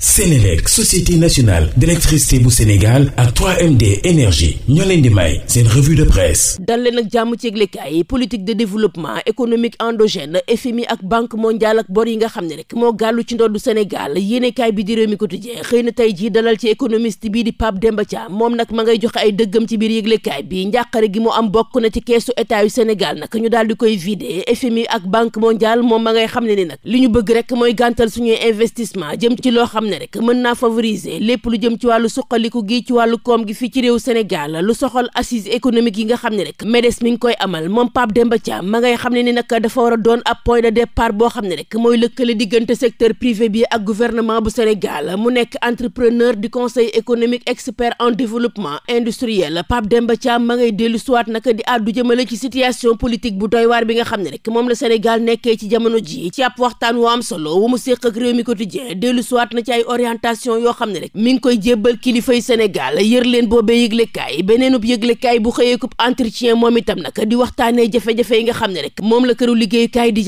Sénélec société nationale d'électricité bu Sénégal ak 3MD énergie ñoo leen di may seen revue de presse dal leen ak jàmm ci yëglekaay yi politique de développement économique endogène FMI ak banque mondiale ak bor yi nga xam ne rek moo gàllu ci ndoddu Sénégal yéenekaay bi di Rewmi Quotidien xëy na tey jii dalal ci économiste bii di Pape Demba Thiam moom nag ma ngay joxe ay dëggam ci biir yëglekaay bi njàqare gi mu am bokk na ci keesu état yu Sénégal nag ñu daal di koy vider FMI ak banque mondiale moom ma ngay xam ne ni nag li ñu bëgg rek mooy gàntal suñuy investissement jëm ci loo xam ne rek mën naa favoriser lépp lu jëm ci wàllu suqaliku gi ci wàllu koom gi fii ci réew Sénégal lu soxal assise économique yi nga xam ne rek MEDES mi ngi koy amal moom Pape Demba ne ni nag dafa war a doon ab point de départ boo xam ne rek mooy lëkkale diggante secteur privé bi ak gouvernement bu Sénégal mu nekk entrepreneur du conseil économique expert en développement industriel Pape Demba Thiam ma ngay dellu suwaat nag di àddu jëmale ci situation politique bu doy waar bi nga xam ne rek moom la Sénégal nekkee ci jamono ji ci ab waxtaan wu am solo ay orientation yoo xam ne rek mi ngi koy jébbal kilifay Sénégal yër leen boobee yëglekaay beneenub yëglekaay bu xëyeekub entretien moom itam nag di waxtaanee jafe-jafe yi nga xam ne rek moom la këru liggéeykaay di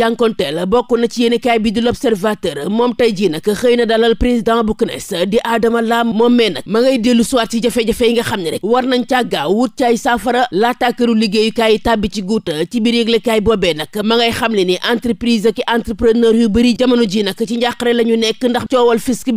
la bokk na ci yéenekaay bi di l'Observateur moom tey jii nag xëy na dalal président bu CNES di aadama Lam moom mee nag ma ngay dellu siwaat ci jafe-jafe yi nga xam ne rek war nañ caa gaaw wut caay saafara laataa këru liggéeyukaay yi tàbbi ci guuta ci biir yëglekaay boobee nag ma ngay xam ni entreprise ak entrepreneur yu bëri jamono ji nag ci njàqare la nekk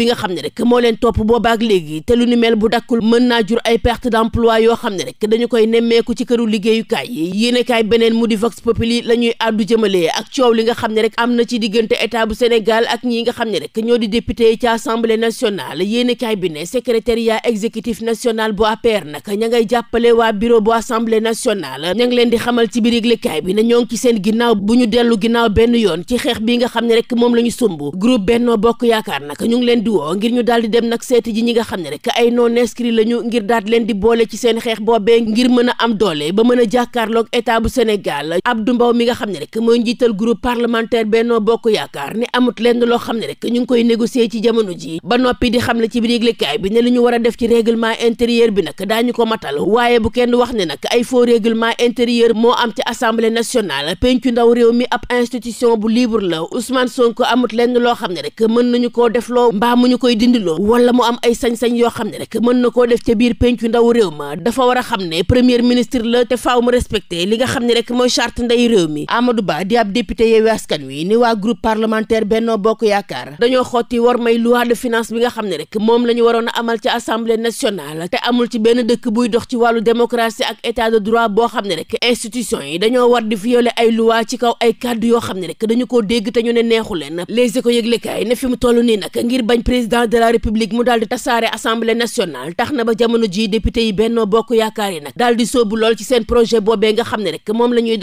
bi nga xam ne rek moo leen topp boobaak léegi te lu ni mel bu dakkul mën naa jur ay perte d'emploi yoo xam ne rek dañu koy nemmeeku ci këru liggéeyukaay yi yéenekaay beneen mu di vox populi la ñuy àddu jëmale ak coow li nga xam ne rek am na ci diggante état bu Sénégal ak ñi nga xam ne rek ñoo di député yi ci national nationale yéenekaay bi ne secrétariat exécutif national bu APR nag ña ngay jàppale waa bureau bu assemblée nationale ña ngi leen di xamal ci biir yëglekaay bi ne ñoo ngi ci seen ginnaaw bu ñu dellu ginnaaw benn yoon ci xeex bi nga xam ne rek moom la ñu sumb groupe Benno Bokk Yaakaar leen di woo ngir ñu daal di dem nag seeti ji ñi nga xam ne rek ay non inscrits lañu ngir daat leen di boole ci seen xeex boobee ngir mën a am doole ba mën a jàkkaarloog état bu Sénégal Abdou Mbow mi nga xam ne rek mooy njiital groupe parlementaire Benno Bokk Yaakaar ne amut lenn loo xam ne rek ñu ngi koy négocier ci jamono ji ba noppi di xam ne ci biir yëglekaay bi ne li ñu war a def ci règlement intérieur bi nag daañu ko matal waaye bu kenn wax ne nag ay faux règlement intérieur moo am ci assemblée nationale pencu ndaw réew mi ab institution bu libre la Ousmane Sonko amut lenn loo xam ne rek mën nañu koo defloo mu ñu koy dindiloo wala mu am ay sañ-sañ yoo xam ne rek mën na koo def ca biir pencu ndaw réew ma dafa war a xam ne premier ministre la te faaw mu respecté li nga xam ne rek mooy charte ndey réew mi Amadou Ba di ab député Yewwi Askan ni waa groupe parlementaire Benno Bokk Yaakaar dañoo xotti war may loi de finance bi nga xam ne rek moom la ñu waroon a amal ci assemblée nationale te amul ci benn dëkk buy dox ci wàllu démocratie ak état de droit boo xam ne rek institution yi dañoo war di violer ay loi ci kaw ay kàddu yoo xam ne rek dañu koo dégg te ñu ne neexu lenn les ko yëglekaay ne fi mu toll nii nag ngir président de la république mu daal di tasaare assemblée nationale tax na ba jamono ji député yi bennoo bokk yaakaar yi nag daal di sóobu lool ci seen projet boobee nga xam ne rek moom la ñuy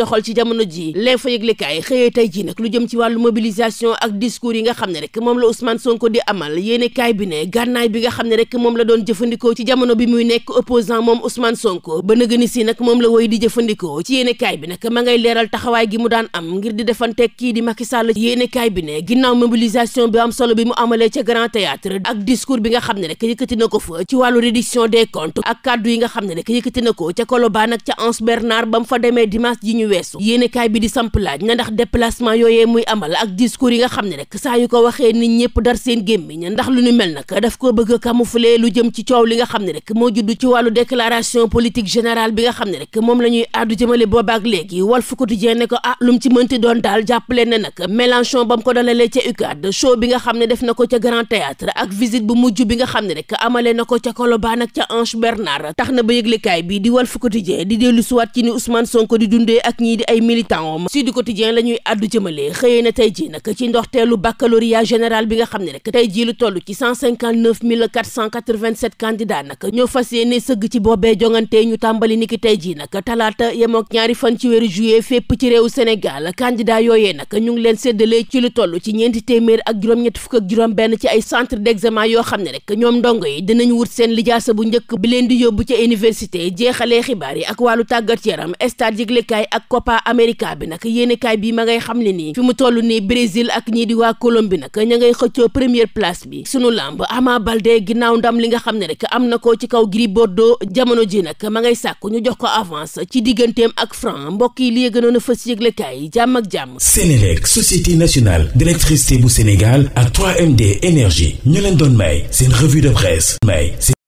Sonko di amal yéene kaay bi ne gànnaay bi nga xam ne rek moom la doon jëfandikoo ci jamono bi muy nekk opposant moom Ousmane Sonko ba nëgëni si nag moom la woy di jëfandikoo ci yéene kaay bi nag ma ngay leeral taxawaay gi mu daan am ngir di defanteeg kii di théâtre ak discours bi nga xam ne rek yëkkati ko ci wàllu réduction des comptes ak kàddu yi nga xam ne rek yëkkati ko ca Colobane ak ca Anse Bernard ba mu fa demee dimanche ji ñu weesu yéenekaay bi di samp na ndax déplacement yooyee muy amal ak discours yi nga xam ne rek saa yu ko waxee nit ñëpp dar seen gémmiñ ndax lu ñu mel nag daf ko bëgg a lu jëm ci coow li nga xam ne rek moo judd ci wàllu déclaration politique générale bi nga xam théâtre ak visite bu mujj bi nga xam ne rek amale na ko ca Colobane ak ca Ange Bernard tax na ba yëglekaay bi di Walf Quotidien di dellu suwaat ci ni Ousmane Sonko di dundee ak ñii di ay militant om Sud Quotidien la àddu jëmale xëyee na tey ji nag ci ndoxteelu baccalauréat général bi nga xam ne rek tey ji lu toll ci 159 487 ñoo fas yéene sëgg ci boobee jongante ñu tàmbali niki tey ji nag talaata yemook ñaari fan ci weeru juillet fépp ci réewu centre d'examen yoo xam ne rek ñoom ndongo yi dinañ wut seen lijaasa bu njëkk bi leen di yóbbu ca université jeexalee xibaar yi ak wàllu tàggat yaram stade yëglekaay ak Copa America bi nag yéenekaay bi ma ngay xam ne nii fi mu toll nii Brésil ak ñii di waa Colombie nag ngay xëccoo première place bi sunu làmb Ama Baldé ginnaaw ndam li nga xam ne rek am na ko ci kaw Gris Bordeaux jamono ji nag ma ngay sàkku ñu jox ko avance ci digganteem ak Franc mbokk yi li gënoon a fës yëglekaay yi jàmm ak jàmm Sénélec société nationale bu Sénégal énergie ñu leen doon may seen revue de presse may